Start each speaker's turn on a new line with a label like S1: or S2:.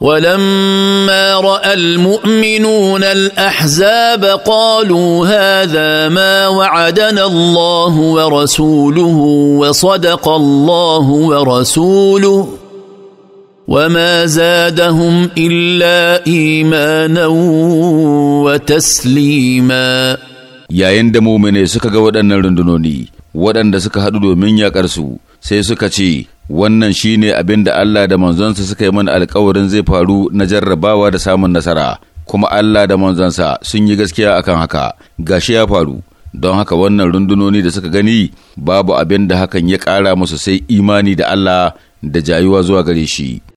S1: ولما راى المؤمنون الاحزاب قالوا هذا ما وعدنا الله ورسوله وصدق الله ورسوله وما زادهم الا ايمانا وتسليما
S2: يا عند مؤمنين سكا غودن waɗannan ودن سكا حدو haɗu يا yaƙarsu sai suka ce wannan shine abin da Allah da manzonsa suka yi mana alkawarin zai faru na jarrabawa da samun nasara kuma Allah da manzonsa sun yi gaskiya akan haka gashi ya faru don haka wannan rundunoni da suka gani babu abin da hakan ya ƙara musu sai imani da Allah da jayuwa zuwa gare shi